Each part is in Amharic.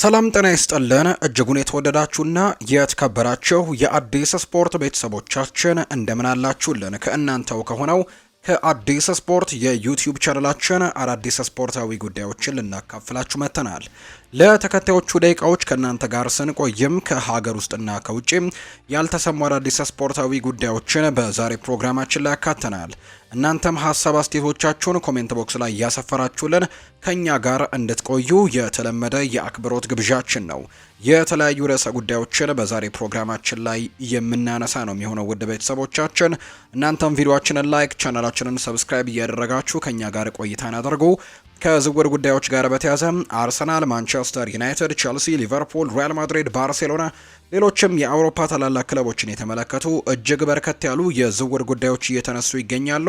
ሰላም ጤና ይስጥልን እጅጉን የተወደዳችሁና የተከበራችሁ የአዲስ ስፖርት ቤተሰቦቻችን እንደምን አላችሁልን? ከእናንተው ከሆነው ከአዲስ ስፖርት የዩቲዩብ ቻናላችን አዳዲስ ስፖርታዊ ጉዳዮችን ልናካፍላችሁ መጥተናል። ለተከታዮቹ ደቂቃዎች ከእናንተ ጋር ስንቆይም ከሀገር ውስጥና ከውጭ ያልተሰሙ አዳዲስ ስፖርታዊ ጉዳዮችን በዛሬ ፕሮግራማችን ላይ ያካተናል። እናንተም ሀሳብ አስተያየቶቻችሁን ኮሜንት ቦክስ ላይ እያሰፈራችሁልን ከእኛ ጋር እንድትቆዩ የተለመደ የአክብሮት ግብዣችን ነው። የተለያዩ ርዕሰ ጉዳዮችን በዛሬ ፕሮግራማችን ላይ የምናነሳ ነው የሚሆነው። ውድ ቤተሰቦቻችን እናንተም ቪዲዮችንን ላይክ፣ ቻናላችንን ሰብስክራይብ እያደረጋችሁ ከእኛ ጋር ቆይታን አድርጉ። ከዝውውር ጉዳዮች ጋር በተያዘ አርሰናል፣ ማንቸስተር ዩናይትድ፣ ቸልሲ፣ ሊቨርፑል፣ ሪያል ማድሪድ፣ ባርሴሎና ሌሎችም የአውሮፓ ታላላቅ ክለቦችን የተመለከቱ እጅግ በርከት ያሉ የዝውውር ጉዳዮች እየተነሱ ይገኛሉ።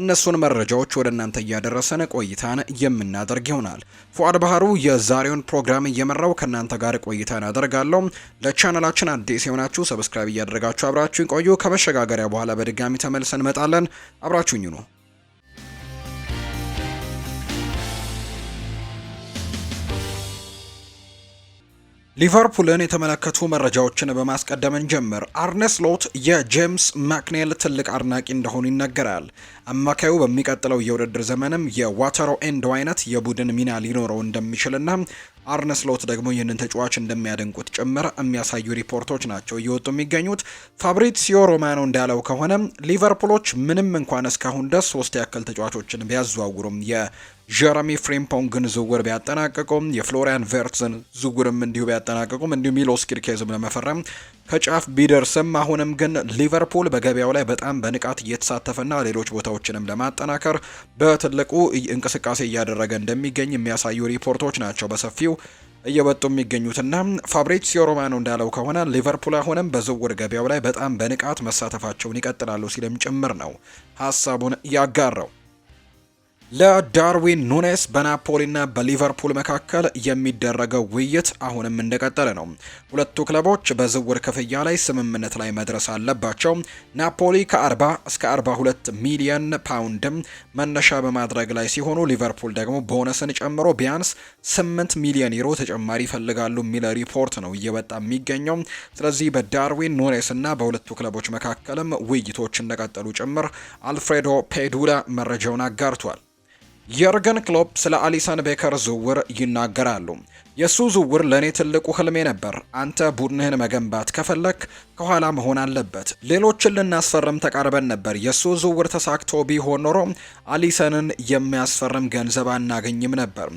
እነሱን መረጃዎች ወደ እናንተ እያደረሰን ቆይታን የምናደርግ ይሆናል። ፉአድ ባህሩ የዛሬውን ፕሮግራም እየመራው ከእናንተ ጋር ቆይታን አደርጋለሁ። ለቻናላችን አዲስ የሆናችሁ ሰብስክራይብ እያደረጋችሁ አብራችሁን ቆዩ። ከመሸጋገሪያ በኋላ በድጋሚ ተመልሰን እንመጣለን። አብራችሁኝ ነው ሊቨርፑልን የተመለከቱ መረጃዎችን በማስቀደም እንጀምር። አርነስ ሎት የጄምስ ማክኔል ትልቅ አድናቂ እንደሆኑ ይነገራል። አማካዩ በሚቀጥለው የውድድር ዘመንም የዋተሮ ኤንዶ አይነት የቡድን ሚና ሊኖረው እንደሚችልና አርነስ ሎት ደግሞ ይህንን ተጫዋች እንደሚያደንቁት ጭምር የሚያሳዩ ሪፖርቶች ናቸው እየወጡ የሚገኙት። ፋብሪሲዮ ሮማኖ እንዳለው ከሆነ ሊቨርፑሎች ምንም እንኳን እስካሁን ድረስ ሶስት ያክል ተጫዋቾችን ቢያዘዋውሩም ጀረሚ ፍሬምፖንግን ዝውውር ቢያጠናቀቁም የፍሎሪያን ቨርትዝን ዝውውርም እንዲሁ ቢያጠናቀቁም እንዲሁም ሚሎስ ኪርኬዝም ለመፈረም ከጫፍ ቢደርስም አሁንም ግን ሊቨርፑል በገበያው ላይ በጣም በንቃት እየተሳተፈና ሌሎች ቦታዎችንም ለማጠናከር በትልቁ እንቅስቃሴ እያደረገ እንደሚገኝ የሚያሳዩ ሪፖርቶች ናቸው በሰፊው እየወጡ የሚገኙትና ፋብሪዚዮ ሮማኖ እንዳለው ከሆነ ሊቨርፑል አሁንም በዝውውር ገበያው ላይ በጣም በንቃት መሳተፋቸውን ይቀጥላሉ ሲልም ጭምር ነው ሀሳቡን ያጋራው። ለዳርዊን ኑኔስ በናፖሊና በሊቨርፑል መካከል የሚደረገው ውይይት አሁንም እንደቀጠለ ነው። ሁለቱ ክለቦች በዝውውር ክፍያ ላይ ስምምነት ላይ መድረስ አለባቸው። ናፖሊ ከ40 እስከ 42 ሚሊዮን ፓውንድም መነሻ በማድረግ ላይ ሲሆኑ፣ ሊቨርፑል ደግሞ ቦነስን ጨምሮ ቢያንስ 8 ሚሊዮን ዩሮ ተጨማሪ ይፈልጋሉ የሚል ሪፖርት ነው እየወጣ የሚገኘው። ስለዚህ በዳርዊን ኑኔስ እና በሁለቱ ክለቦች መካከልም ውይይቶች እንደቀጠሉ ጭምር አልፍሬዶ ፔዱላ መረጃውን አጋርቷል። የርገን ክሎፕ ስለ አሊሰን ቤከር ዝውውር ይናገራሉ። የእሱ ዝውውር ለእኔ ትልቁ ህልሜ ነበር። አንተ ቡድንህን መገንባት ከፈለክ ከኋላ መሆን አለበት። ሌሎችን ልናስፈርም ተቃርበን ነበር። የእሱ ዝውውር ተሳክቶ ቢሆን ኖሮ አሊሰንን የሚያስፈርም ገንዘብ አናገኝም ነበር።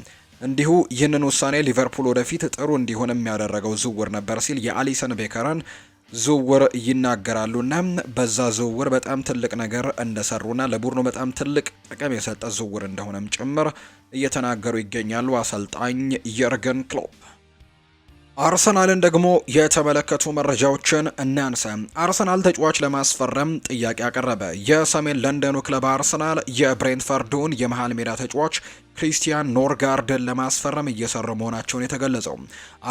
እንዲሁ ይህንን ውሳኔ ሊቨርፑል ወደፊት ጥሩ እንዲሆን የሚያደረገው ዝውውር ነበር ሲል የአሊሰን ቤከርን ዝውውር ይናገራሉና በዛ ዝውውር በጣም ትልቅ ነገር እንደሰሩና ለቡድኑ በጣም ትልቅ ጥቅም የሰጠ ዝውውር እንደሆነም ጭምር እየተናገሩ ይገኛሉ አሰልጣኝ የርገን ክሎፕ። አርሰናልን ደግሞ የተመለከቱ መረጃዎችን እናንሳ። አርሰናል ተጫዋች ለማስፈረም ጥያቄ አቀረበ። የሰሜን ለንደኑ ክለብ አርሰናል የብሬንትፈርዱን የመሃል ሜዳ ተጫዋች ክሪስቲያን ኖርጋርድን ለማስፈረም እየሰሩ መሆናቸውን የተገለጸው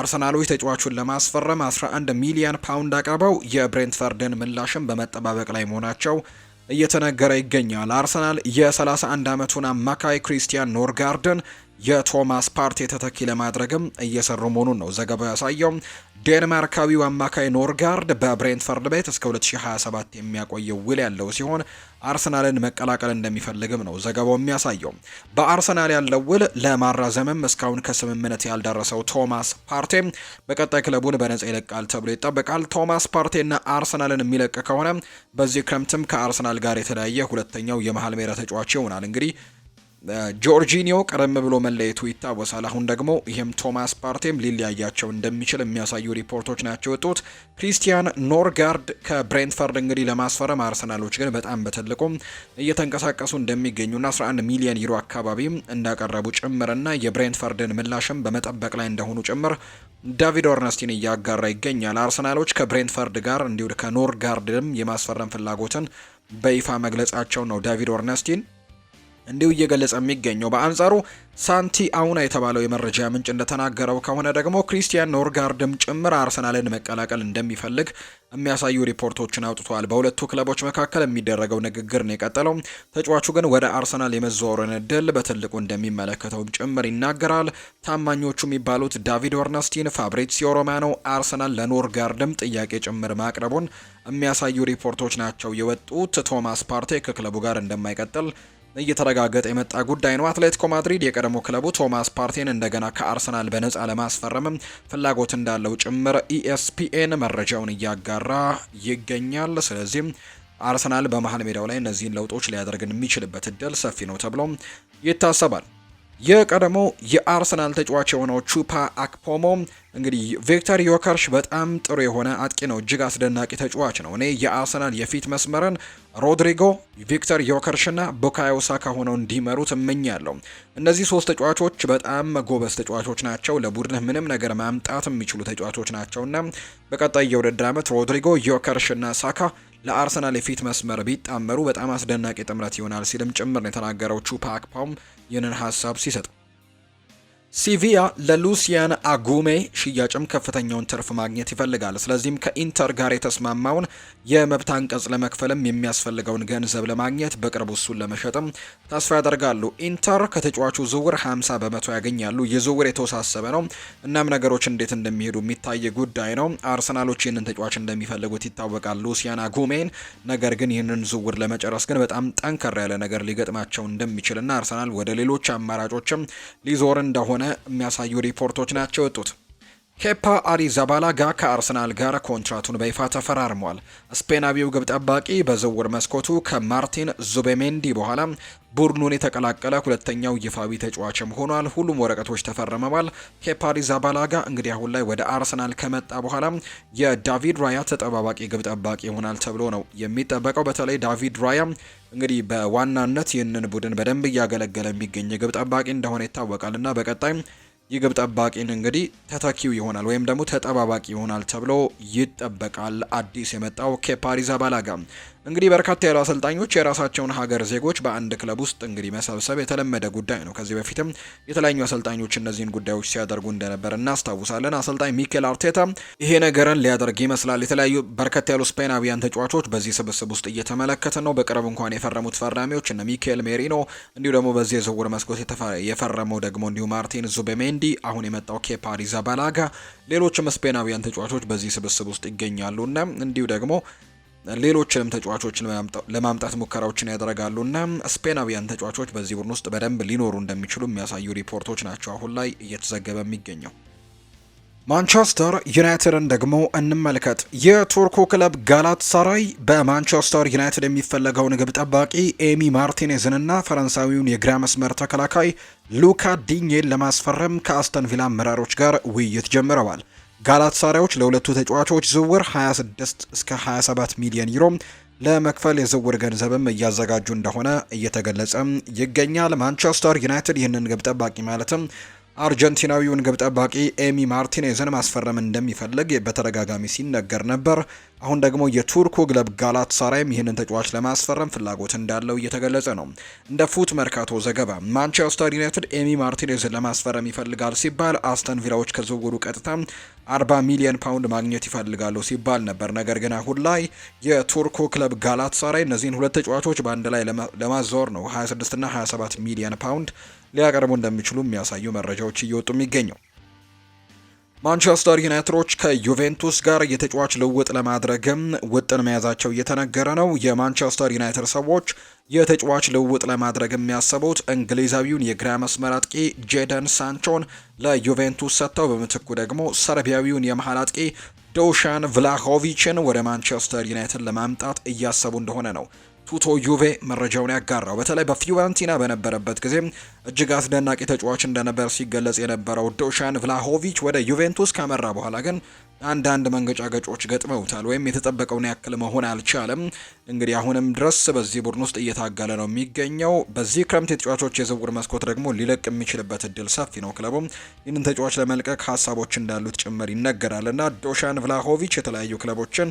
አርሰናሎች ተጫዋቹን ለማስፈረም 11 ሚሊዮን ፓውንድ አቅርበው የብሬንትፈርድን ምላሽን በመጠባበቅ ላይ መሆናቸው እየተነገረ ይገኛል። አርሰናል የ31 ዓመቱን አማካይ ክሪስቲያን ኖርጋርድን የቶማስ ፓርቲ ተተኪ ለማድረግም እየሰሩ መሆኑን ነው ዘገባው ያሳየው። ዴንማርካዊው አማካይ ኖርጋርድ በብሬንትፈርድ ቤት እስከ 2027 የሚያቆየው ውል ያለው ሲሆን አርሰናልን መቀላቀል እንደሚፈልግም ነው ዘገባው የሚያሳየው። በአርሰናል ያለው ውል ለማራዘምም እስካሁን ከስምምነት ያልደረሰው ቶማስ ፓርቴ በቀጣይ ክለቡን በነጻ ይለቃል ተብሎ ይጠበቃል። ቶማስ ፓርቴና አርሰናልን የሚለቅ ከሆነ በዚህ ክረምትም ከአርሰናል ጋር የተለያየ ሁለተኛው የመሀል ሜዳ ተጫዋች ይሆናል እንግዲህ ጆርጂኒዮ ቀደም ብሎ መለየቱ ይታወሳል። አሁን ደግሞ ይህም ቶማስ ፓርቴም ሊለያያቸው እንደሚችል የሚያሳዩ ሪፖርቶች ናቸው የወጡት። ክሪስቲያን ኖርጋርድ ከብሬንትፈርድ እንግዲህ ለማስፈረም አርሰናሎች ግን በጣም በትልቁም እየተንቀሳቀሱ እንደሚገኙና 11 ሚሊዮን ዩሮ አካባቢም እንዳቀረቡ ጭምርና የብሬንትፈርድን ምላሽም በመጠበቅ ላይ እንደሆኑ ጭምር ዳቪድ ኦርነስቲን እያጋራ ይገኛል። አርሰናሎች ከብሬንትፈርድ ጋር እንዲሁ ከኖርጋርድም የማስፈረም ፍላጎትን በይፋ መግለጻቸው ነው ዳቪድ ኦርነስቲን እንዲሁ እየገለጸ የሚገኘው። በአንጻሩ ሳንቲ አውና የተባለው የመረጃ ምንጭ እንደተናገረው ከሆነ ደግሞ ክሪስቲያን ኖርጋርድም ጭምር አርሰናልን መቀላቀል እንደሚፈልግ የሚያሳዩ ሪፖርቶችን አውጥቷል። በሁለቱ ክለቦች መካከል የሚደረገው ንግግር ነው የቀጠለው። ተጫዋቹ ግን ወደ አርሰናል የመዘዋወርን እድል በትልቁ እንደሚመለከተውም ጭምር ይናገራል። ታማኞቹ የሚባሉት ዳቪድ ኦርነስቲን፣ ፋብሪዚዮ ሮማኖ አርሰናል ለኖርጋርድም ጥያቄ ጭምር ማቅረቡን የሚያሳዩ ሪፖርቶች ናቸው የወጡት። ቶማስ ፓርቴ ከክለቡ ጋር እንደማይቀጥል እየተረጋገጠ የመጣ ጉዳይ ነው። አትሌቲኮ ማድሪድ የቀድሞ ክለቡ ቶማስ ፓርቴን እንደገና ከአርሰናል በነጻ ለማስፈረምም ፍላጎት እንዳለው ጭምር ኢኤስፒኤን e መረጃውን እያጋራ ይገኛል። ስለዚህም አርሰናል በመሀል ሜዳው ላይ እነዚህን ለውጦች ሊያደርግን የሚችልበት እድል ሰፊ ነው ተብሎ ይታሰባል። የቀደሞ የአርሰናል ተጫዋች የሆነው ቹፓ አክፖሞ እንግዲህ ቪክተር ዮከርሽ በጣም ጥሩ የሆነ አጥቂ ነው። እጅግ አስደናቂ ተጫዋች ነው። እኔ የአርሰናል የፊት መስመርን ሮድሪጎ፣ ቪክተር ዮከርሽና ቡካዮ ሳካ ሆነው እንዲመሩ ትመኛለሁ። እነዚህ ሶስት ተጫዋቾች በጣም ጎበዝ ተጫዋቾች ናቸው። ለቡድንህ ምንም ነገር ማምጣት የሚችሉ ተጫዋቾች ናቸውና በቀጣይ የውድድር ዓመት ሮድሪጎ፣ ዮከርሽና ሳካ ለአርሰናል የፊት መስመር ቢጣመሩ በጣም አስደናቂ ጥምረት ይሆናል ሲልም ጭምር ነው የተናገረው ቹፓክፓም ይህንን ሀሳብ ሲሰጥ ሲቪያ ለሉሲያን አጉሜ ሽያጭም ከፍተኛውን ትርፍ ማግኘት ይፈልጋል። ስለዚህም ከኢንተር ጋር የተስማማውን የመብት አንቀጽ ለመክፈልም የሚያስፈልገውን ገንዘብ ለማግኘት በቅርቡ እሱን ለመሸጥም ተስፋ ያደርጋሉ። ኢንተር ከተጫዋቹ ዝውውር 50 በመቶ ያገኛሉ። የዝውር የተወሳሰበ ነው። እናም ነገሮች እንዴት እንደሚሄዱ የሚታይ ጉዳይ ነው። አርሰናሎች ይህንን ተጫዋች እንደሚፈልጉት ይታወቃል፣ ሉሲያን አጉሜን። ነገር ግን ይህንን ዝውውር ለመጨረስ ግን በጣም ጠንከር ያለ ነገር ሊገጥማቸው እንደሚችልና አርሰናል ወደ ሌሎች አማራጮችም ሊዞር እንደሆነ እንደሆነ የሚያሳዩ ሪፖርቶች ናቸው የወጡት። ኬፓ አሪዛባላጋ ከአርሰናል ጋር ኮንትራቱን በይፋ ተፈራርሟል። ስፔናዊው ግብ ጠባቂ በዝውውር መስኮቱ ከማርቲን ዙቤሜንዲ በኋላ ቡድኑን የተቀላቀለ ሁለተኛው ይፋዊ ተጫዋችም ሆኗል። ሁሉም ወረቀቶች ተፈርመዋል። ኬፓ አሪዛባላጋ እንግዲህ አሁን ላይ ወደ አርሰናል ከመጣ በኋላ የዳቪድ ራያ ተጠባባቂ ግብ ጠባቂ ይሆናል ተብሎ ነው የሚጠበቀው። በተለይ ዳቪድ ራያ እንግዲህ በዋናነት ይህንን ቡድን በደንብ እያገለገለ የሚገኝ ግብ ጠባቂ እንደሆነ ይታወቃል እና በቀጣይ የግብ ጠባቂን እንግዲህ ተተኪው ይሆናል ወይም ደግሞ ተጠባባቂ ይሆናል ተብሎ ይጠበቃል። አዲስ የመጣው ኬፓ አሪዛባላጋ እንግዲህ በርካታ ያሉ አሰልጣኞች የራሳቸውን ሀገር ዜጎች በአንድ ክለብ ውስጥ እንግዲህ መሰብሰብ የተለመደ ጉዳይ ነው። ከዚህ በፊትም የተለያዩ አሰልጣኞች እነዚህን ጉዳዮች ሲያደርጉ እንደነበር እናስታውሳለን። አሰልጣኝ ሚኬል አርቴታ ይሄ ነገርን ሊያደርግ ይመስላል። የተለያዩ በርከት ያሉ ስፔናዊያን ተጫዋቾች በዚህ ስብስብ ውስጥ እየተመለከተ ነው። በቅርብ እንኳን የፈረሙት ፈራሚዎች እነ ሚኬል ሜሪኖ፣ እንዲሁ ደግሞ በዚህ የዝውውር መስኮት የፈረመው ደግሞ እንዲሁ ማርቲን ዙቤሜንዲ፣ አሁን የመጣው ኬፓ አሪዛባላጋ፣ ሌሎችም ስፔናዊያን ተጫዋቾች በዚህ ስብስብ ውስጥ እና እንዲሁ ደግሞ ሌሎችንም ተጫዋቾችን ለማምጣት ሙከራዎችን ያደረጋሉና ስፔናውያን ተጫዋቾች በዚህ ቡድን ውስጥ በደንብ ሊኖሩ እንደሚችሉ የሚያሳዩ ሪፖርቶች ናቸው አሁን ላይ እየተዘገበ የሚገኘው። ማንቸስተር ዩናይትድን ደግሞ እንመልከት። የቱርኩ ክለብ ጋላት ሳራይ በማንቸስተር ዩናይትድ የሚፈለገውን ግብ ጠባቂ ኤሚ ማርቲኔዝንና ፈረንሳዊውን የግራ መስመር ተከላካይ ሉካ ዲኜን ለማስፈረም ከአስተን ቪላ አመራሮች ጋር ውይይት ጀምረዋል። ጋላትሳሪያዎች ለሁለቱ ተጫዋቾች ዝውውር 26 እስከ 27 ሚሊዮን ዩሮ ለመክፈል የዝውውር ገንዘብም እያዘጋጁ እንደሆነ እየተገለጸ ይገኛል። ማንቸስተር ዩናይትድ ይህንን ግብ ጠባቂ ማለትም አርጀንቲናዊውን ግብ ጠባቂ ኤሚ ማርቲኔዝን ማስፈረም እንደሚፈልግ በተደጋጋሚ ሲነገር ነበር። አሁን ደግሞ የቱርኩ ክለብ ጋላት ሳራይም ይህንን ተጫዋች ለማስፈረም ፍላጎት እንዳለው እየተገለጸ ነው። እንደ ፉት መርካቶ ዘገባ ማንቸስተር ዩናይትድ ኤሚ ማርቲኔዝን ለማስፈረም ይፈልጋል ሲባል አስተን ቪላዎች ከዝውውሩ ቀጥታ 40 ሚሊዮን ፓውንድ ማግኘት ይፈልጋሉ ሲባል ነበር። ነገር ግን አሁን ላይ የቱርኩ ክለብ ጋላት ሳራይ እነዚህን ሁለት ተጫዋቾች በአንድ ላይ ለማዛወር ነው 26 እና 27 ሚሊዮን ፓውንድ ሊያቀርቡ እንደሚችሉ የሚያሳዩ መረጃዎች እየወጡ የሚገኘው። ማንቸስተር ዩናይትዶች ከዩቬንቱስ ጋር የተጫዋች ልውውጥ ለማድረግም ውጥን መያዛቸው እየተነገረ ነው። የማንቸስተር ዩናይትድ ሰዎች የተጫዋች ልውውጥ ለማድረግ የሚያሰቡት እንግሊዛዊውን የግራ መስመር አጥቂ ጄደን ሳንቾን ለዩቬንቱስ ሰጥተው በምትኩ ደግሞ ሰርቢያዊውን የመሀል አጥቂ ዶሻን ቭላሆቪችን ወደ ማንቸስተር ዩናይትድ ለማምጣት እያሰቡ እንደሆነ ነው ቱቶ ዩቬ መረጃውን ያጋራው በተለይ በፊዮረንቲና በነበረበት ጊዜ እጅግ አስደናቂ ተጫዋች እንደነበር ሲገለጽ የነበረው ዶሻን ቭላሆቪች ወደ ዩቬንቱስ ካመራ በኋላ ግን አንዳንድ መንገጫገጮች ገጥመውታል ወይም የተጠበቀውን ያክል መሆን አልቻለም። እንግዲህ አሁንም ድረስ በዚህ ቡድን ውስጥ እየታገለ ነው የሚገኘው። በዚህ ክረምት የተጫዋቾች የዝውውር መስኮት ደግሞ ሊለቅ የሚችልበት እድል ሰፊ ነው። ክለቡም ይህንን ተጫዋች ለመልቀቅ ሀሳቦች እንዳሉት ጭምር ይነገራል እና ዶሻን ቭላሆቪች የተለያዩ ክለቦችን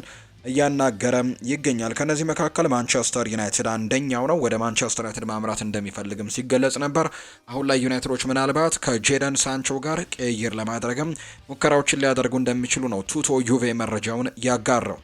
እያናገረ ይገኛል። ከነዚህ መካከል ማንቸስተር ዩናይትድ አንደኛው ነው። ወደ ማንቸስተር ዩናይትድ ማምራት እንደሚፈልግም ሲገለጽ ነበር። አሁን ላይ ዩናይትዶች ምናልባት ከጄደን ሳንቾ ጋር ቅይር ለማድረግም ሙከራዎችን ሊያደርጉ እንደሚችሉ ነው ቱቶ ዩቬ መረጃውን ያጋራው።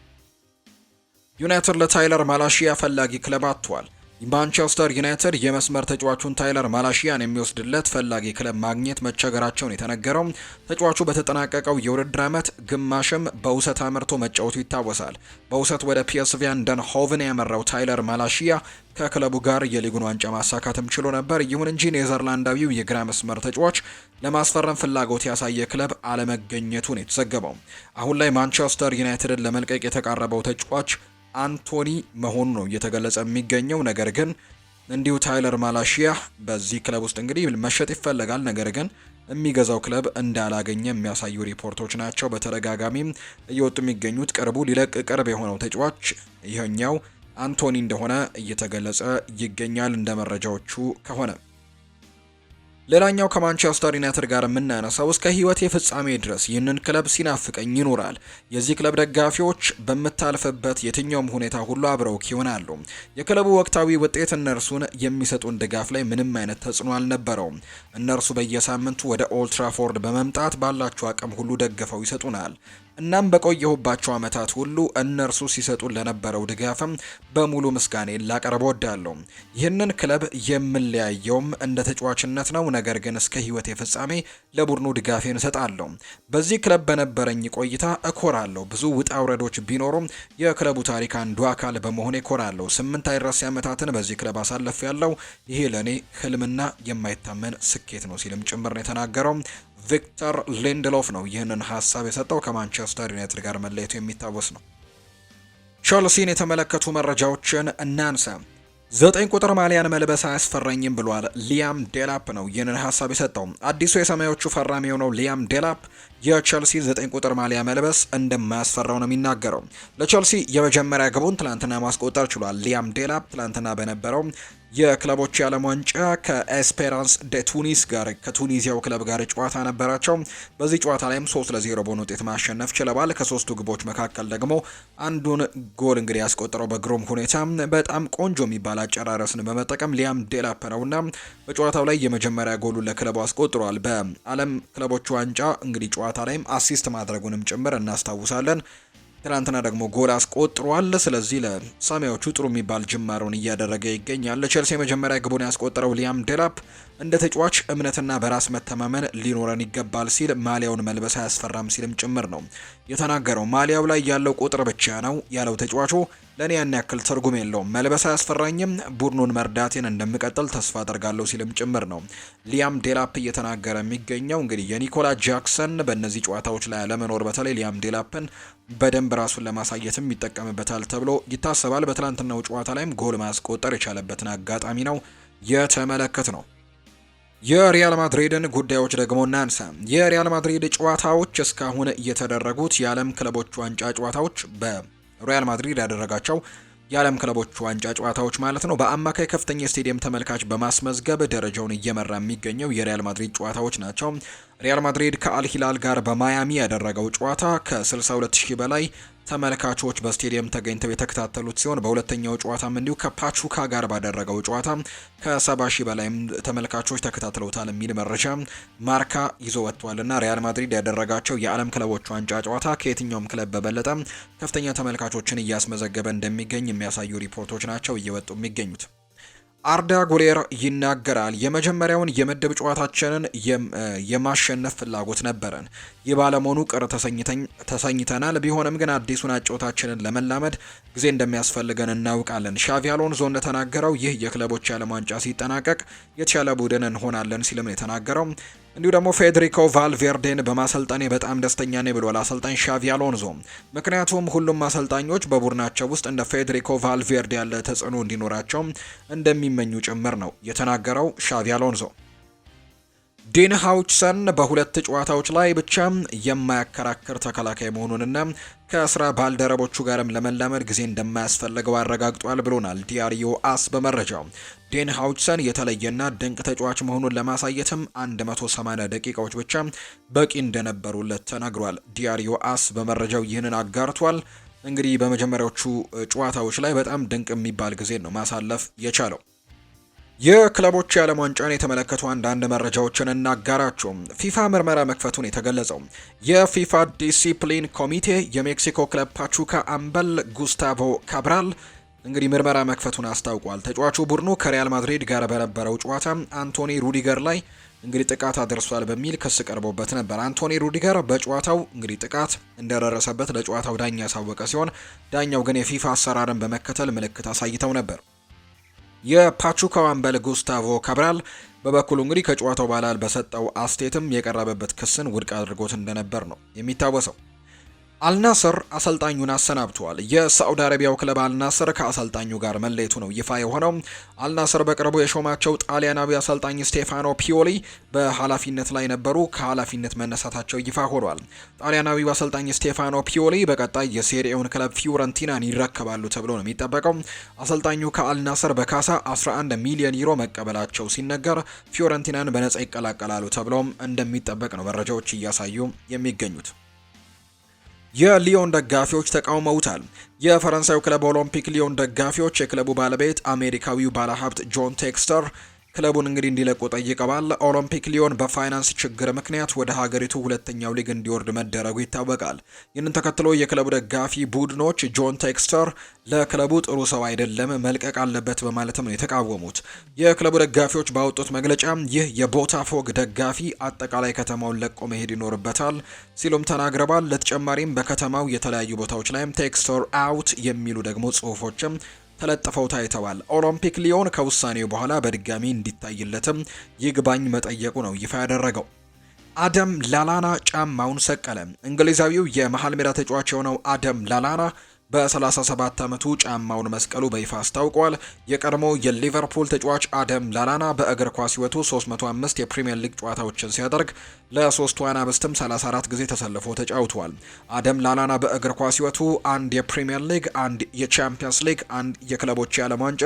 ዩናይትድ ለታይለር ማላሺያ ፈላጊ ክለብ አጥቷል። ማንቸስተር ዩናይትድ የመስመር ተጫዋቹን ታይለር ማላሺያን የሚወስድለት ፈላጊ ክለብ ማግኘት መቸገራቸውን የተነገረው ተጫዋቹ በተጠናቀቀው የውድድር ዓመት ግማሽም በውሰት አምርቶ መጫወቱ ይታወሳል። በውሰት ወደ ፒኤስቪ አይንድሆቨን ያመራው ታይለር ማላሺያ ከክለቡ ጋር የሊጉን ዋንጫ ማሳካትም ችሎ ነበር። ይሁን እንጂ ኔዘርላንዳዊው የግራ መስመር ተጫዋች ለማስፈረም ፍላጎት ያሳየ ክለብ አለመገኘቱን የተዘገበው አሁን ላይ ማንቸስተር ዩናይትድን ለመልቀቅ የተቃረበው ተጫዋች አንቶኒ መሆኑ ነው እየተገለጸ የሚገኘው። ነገር ግን እንዲሁ ታይለር ማላሺያ በዚህ ክለብ ውስጥ እንግዲህ መሸጥ ይፈለጋል፣ ነገር ግን የሚገዛው ክለብ እንዳላገኘ የሚያሳዩ ሪፖርቶች ናቸው በተደጋጋሚም እየወጡ የሚገኙት። ቅርቡ ሊለቅ ቅርብ የሆነው ተጫዋች ይኸኛው አንቶኒ እንደሆነ እየተገለጸ ይገኛል እንደ መረጃዎቹ ከሆነ ሌላኛው ከማንቸስተር ዩናይትድ ጋር የምናነሳው እስከ ህይወት የፍጻሜ ድረስ ይህንን ክለብ ሲናፍቀኝ ይኖራል። የዚህ ክለብ ደጋፊዎች በምታልፍበት የትኛውም ሁኔታ ሁሉ አብረውክ ይሆናሉ። የክለቡ ወቅታዊ ውጤት እነርሱን የሚሰጡን ድጋፍ ላይ ምንም አይነት ተጽዕኖ አልነበረውም። እነርሱ በየሳምንቱ ወደ ኦልትራፎርድ በመምጣት ባላቸው አቅም ሁሉ ደግፈው ይሰጡናል። እናም በቆየሁባቸው ዓመታት ሁሉ እነርሱ ሲሰጡን ለነበረው ድጋፍም በሙሉ ምስጋኔ ላቀርብ ወዳለሁ። ይህንን ክለብ የምለያየውም እንደ ተጫዋችነት ነው፣ ነገር ግን እስከ ሕይወቴ ፍጻሜ ለቡድኑ ድጋፌን እሰጣለሁ። በዚህ ክለብ በነበረኝ ቆይታ እኮራለሁ። ብዙ ውጣ ውረዶች ቢኖሩም የክለቡ ታሪክ አንዱ አካል በመሆን እኮራለሁ። ስምንት አይረሴ ዓመታትን በዚህ ክለብ አሳለፍ ያለው ይሄ ለእኔ ህልምና የማይታመን ስኬት ነው ሲልም ጭምር ነው የተናገረው። ቪክተር ሊንድሎፍ ነው ይህንን ሀሳብ የሰጠው። ከማንቸስተር ዩናይትድ ጋር መለየቱ የሚታወስ ነው። ቸልሲን የተመለከቱ መረጃዎችን እናንሳ። ዘጠኝ ቁጥር ማሊያን መልበስ አያስፈራኝም ብሏል። ሊያም ዴላፕ ነው ይህንን ሀሳብ የሰጠው። አዲሱ የሰማዮቹ ፈራሚ የሆነው ሊያም ዴላፕ የቸልሲ ዘጠኝ ቁጥር ማሊያ መልበስ እንደማያስፈራው ነው የሚናገረው። ለቸልሲ የመጀመሪያ ግቡን ትላንትና ማስቆጠር ችሏል። ሊያም ዴላፕ ትላንትና በነበረው የክለቦች የዓለም ዋንጫ ከኤስፔራንስ ደ ቱኒስ ጋር ከቱኒዚያው ክለብ ጋር ጨዋታ ነበራቸው። በዚህ ጨዋታ ላይም ሶስት ለዜሮ በሆነ ውጤት ማሸነፍ ችለዋል። ከሶስቱ ግቦች መካከል ደግሞ አንዱን ጎል እንግዲህ ያስቆጠረው በግሩም ሁኔታ በጣም ቆንጆ የሚባል አጨራረስን በመጠቀም ሊያም ዴላፕ ነውና በጨዋታው ላይ የመጀመሪያ ጎሉን ለክለቡ አስቆጥሯል። በዓለም ክለቦች ዋንጫ እንግዲህ ጨዋታ ጨዋታ ላይም አሲስት ማድረጉንም ጭምር እናስታውሳለን። ትናንትና ደግሞ ጎል አስቆጥሯል። ስለዚህ ለሰማያዎቹ ጥሩ የሚባል ጅማሮን እያደረገ ይገኛል። ቼልሲ የመጀመሪያ ግቡን ያስቆጠረው ሊያም ዴላፕ እንደ ተጫዋች እምነትና በራስ መተማመን ሊኖረን ይገባል ሲል ማሊያውን መልበስ አያስፈራም ሲልም ጭምር ነው የተናገረው። ማሊያው ላይ ያለው ቁጥር ብቻ ነው ያለው ተጫዋቹ። ለእኔ ያን ያክል ትርጉም የለውም። መልበስ አያስፈራኝም። ቡድኑን መርዳቴን እንደምቀጥል ተስፋ አደርጋለሁ ሲልም ጭምር ነው ሊያም ዴላፕ እየተናገረ የሚገኘው። እንግዲህ የኒኮላ ጃክሰን በእነዚህ ጨዋታዎች ላይ አለመኖር በተለይ ሊያም ዴላፕን በደንብ ራሱን ለማሳየትም ይጠቀምበታል ተብሎ ይታሰባል። በትላንትናው ጨዋታ ላይም ጎል ማስቆጠር የቻለበትን አጋጣሚ ነው የተመለከት ነው። የሪያል ማድሪድን ጉዳዮች ደግሞ እናንሳ። የሪያል ማድሪድ ጨዋታዎች እስካሁን እየተደረጉት የዓለም ክለቦች ዋንጫ ጨዋታዎች በሪያል ማድሪድ ያደረጋቸው የዓለም ክለቦች ዋንጫ ጨዋታዎች ማለት ነው። በአማካይ ከፍተኛ ስቴዲየም ተመልካች በማስመዝገብ ደረጃውን እየመራ የሚገኘው የሪያል ማድሪድ ጨዋታዎች ናቸው። ሪያል ማድሪድ ከአል ሂላል ጋር በማያሚ ያደረገው ጨዋታ ከ62000 በላይ ተመልካቾች በስቴዲየም ተገኝተው የተከታተሉት ሲሆን በሁለተኛው ጨዋታም እንዲሁ ከፓቹካ ጋር ባደረገው ጨዋታ ከ ሺህ በላይም ተመልካቾች ተከታትለውታል የሚል መረጃ ማርካ ይዞ ወጥቷልና ሪያል ማድሪድ ያደረጋቸው የዓለም ክለቦች ዋንጫ ጨዋታ ከየትኛውም ክለብ በበለጠ ከፍተኛ ተመልካቾችን እያስመዘገበ እንደሚገኝ የሚያሳዩ ሪፖርቶች ናቸው እየወጡ የሚገኙት። አርዳ ጉሌር ይናገራል። የመጀመሪያውን የምድብ ጨዋታችንን የማሸነፍ ፍላጎት ነበረን። ይህ ባለመሆኑ ቅር ተሰኝተናል። ቢሆንም ግን አዲሱን አጨዋወታችንን ለመላመድ ጊዜ እንደሚያስፈልገን እናውቃለን። ሻቪ አሎንዞ እንደተናገረው ይህ የክለቦች ዓለም ዋንጫ ሲጠናቀቅ የተሻለ ቡድን እንሆናለን ሲልም የተናገረው እንዲሁ ደግሞ ፌዴሪኮ ቫልቬርዴን በማሰልጠኔ በጣም ደስተኛ ነኝ ብሏል አሰልጣኝ ሻቪ አሎንዞ። ምክንያቱም ሁሉም አሰልጣኞች በቡድናቸው ውስጥ እንደ ፌዴሪኮ ቫልቬርዴ ያለ ተጽዕኖ እንዲኖራቸው እንደሚመኙ ጭምር ነው የተናገረው ሻቪ አሎንዞ። ዲን ሃውችሰን በሁለት ጨዋታዎች ላይ ብቻ የማያከራክር ተከላካይ መሆኑንና ከስራ ባልደረቦቹ ጋርም ለመላመድ ጊዜ እንደማያስፈልገው አረጋግጧል ብሎናል ዲያሪዮ አስ በመረጃው። ዴን ሃውችሰን የተለየና ድንቅ ተጫዋች መሆኑን ለማሳየትም 180 ደቂቃዎች ብቻ በቂ እንደነበሩለት ተናግሯል። ዲያሪዮ አስ በመረጃው ይህንን አጋርቷል። እንግዲህ በመጀመሪያዎቹ ጨዋታዎች ላይ በጣም ድንቅ የሚባል ጊዜ ነው ማሳለፍ የቻለው። የክለቦች የዓለም ዋንጫን የተመለከቱ አንዳንድ መረጃዎችን እናጋራችሁ። ፊፋ ምርመራ መክፈቱን የተገለጸው የፊፋ ዲሲፕሊን ኮሚቴ የሜክሲኮ ክለብ ፓቹካ አምበል ጉስታቮ ካብራል እንግዲህ ምርመራ መክፈቱን አስታውቋል። ተጫዋቹ ቡድኑ ከሪያል ማድሪድ ጋር በነበረው ጨዋታ አንቶኒ ሩዲገር ላይ እንግዲህ ጥቃት አድርሷል በሚል ክስ ቀርቦበት ነበር። አንቶኒ ሩዲገር በጨዋታው እንግዲህ ጥቃት እንደደረሰበት ለጨዋታው ዳኛ ያሳወቀ ሲሆን ዳኛው ግን የፊፋ አሰራርን በመከተል ምልክት አሳይተው ነበር። የፓቹካው አምበል ጉስታቮ ካብራል በበኩሉ እንግዲህ ከጨዋታው ባላል በሰጠው አስቴትም የቀረበበት ክስን ውድቅ አድርጎት እንደነበር ነው የሚታወሰው። አልናስር አሰልጣኙን አሰናብቷል። የሳዑዲ አረቢያው ክለብ አልናስር ከአሰልጣኙ ጋር መለየቱ ነው ይፋ የሆነው። አልናስር በቅርቡ የሾማቸው ጣሊያናዊ አሰልጣኝ ስቴፋኖ ፒዮሊ በኃላፊነት ላይ ነበሩ። ከኃላፊነት መነሳታቸው ይፋ ሆኗል። ጣሊያናዊው አሰልጣኝ ስቴፋኖ ፒዮሊ በቀጣይ የሴሪኤውን ክለብ ፊዮረንቲናን ይረከባሉ ተብሎ ነው የሚጠበቀው። አሰልጣኙ ከአልናስር በካሳ 11 ሚሊዮን ዩሮ መቀበላቸው ሲነገር ፊዮረንቲናን በነጻ ይቀላቀላሉ ተብሎም እንደሚጠበቅ ነው መረጃዎች እያሳዩ የሚገኙት። የሊዮን ደጋፊዎች ተቃውመውታል። የፈረንሳዩ ክለብ ኦሎምፒክ ሊዮን ደጋፊዎች የክለቡ ባለቤት አሜሪካዊው ባለሀብት ጆን ቴክስተር ክለቡን እንግዲህ እንዲለቁ ጠይቀዋል። ኦሎምፒክ ሊዮን በፋይናንስ ችግር ምክንያት ወደ ሀገሪቱ ሁለተኛው ሊግ እንዲወርድ መደረጉ ይታወቃል። ይህንን ተከትሎ የክለቡ ደጋፊ ቡድኖች ጆን ቴክስተር ለክለቡ ጥሩ ሰው አይደለም፣ መልቀቅ አለበት በማለትም ነው የተቃወሙት። የክለቡ ደጋፊዎች ባወጡት መግለጫ ይህ የቦታፎግ ደጋፊ አጠቃላይ ከተማውን ለቆ መሄድ ይኖርበታል ሲሉም ተናግረዋል። ለተጨማሪም በከተማው የተለያዩ ቦታዎች ላይም ቴክስተር አውት የሚሉ ደግሞ ጽሁፎችም ተለጥፈው ታይተዋል። ኦሎምፒክ ሊዮን ከውሳኔው በኋላ በድጋሚ እንዲታይለትም ይግባኝ መጠየቁ ነው ይፋ ያደረገው። አደም ላላና ጫማውን ሰቀለ። እንግሊዛዊው የመሃል ሜዳ ተጫዋች የሆነው አደም ላላና በ37 ዓመቱ ጫማውን መስቀሉ በይፋ አስታውቋል። የቀድሞ የሊቨርፑል ተጫዋች አደም ላላና በእግር ኳስ ሕይወቱ 305 የፕሪምየር ሊግ ጨዋታዎችን ሲያደርግ ለሶስቱ አናብስትም 34 ጊዜ ተሰልፎ ተጫውቷል። አደም ላላና በእግር ኳስ ይወቱ አንድ የፕሪምየር ሊግ፣ አንድ የቻምፒየንስ ሊግ፣ አንድ የክለቦች የዓለም ዋንጫ፣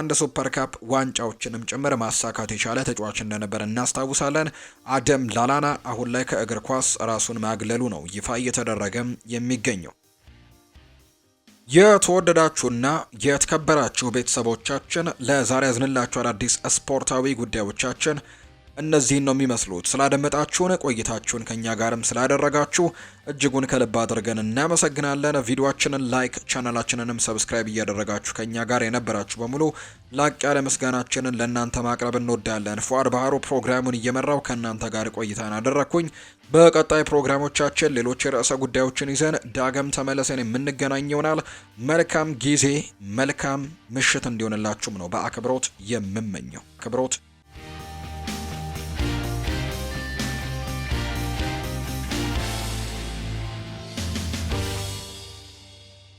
አንድ ሱፐር ካፕ ዋንጫዎችንም ጭምር ማሳካት የቻለ ተጫዋች እንደነበር እናስታውሳለን። አደም ላላና አሁን ላይ ከእግር ኳስ ራሱን ማግለሉ ነው ይፋ እየተደረገም የሚገኘው። የተወደዳችሁና የተከበራችሁ ቤተሰቦቻችን ለዛሬ ያዝንላችሁ አዳዲስ ስፖርታዊ ጉዳዮቻችን እነዚህን ነው የሚመስሉት። ስላደመጣችሁን ቆይታችሁን ከእኛ ጋርም ስላደረጋችሁ እጅጉን ከልብ አድርገን እናመሰግናለን። ቪዲዮችንን ላይክ፣ ቻናላችንንም ሰብስክራይብ እያደረጋችሁ ከእኛ ጋር የነበራችሁ በሙሉ ላቅ ያለ ምስጋናችንን ለእናንተ ማቅረብ እንወዳለን። ፏድ ባህሩ ፕሮግራሙን እየመራው ከእናንተ ጋር ቆይታን አደረግኩኝ። በቀጣይ ፕሮግራሞቻችን ሌሎች የርዕሰ ጉዳዮችን ይዘን ዳግም ተመለሰን የምንገናኝ ይሆናል። መልካም ጊዜ፣ መልካም ምሽት እንዲሆንላችሁም ነው በአክብሮት የምመኘው አክብሮት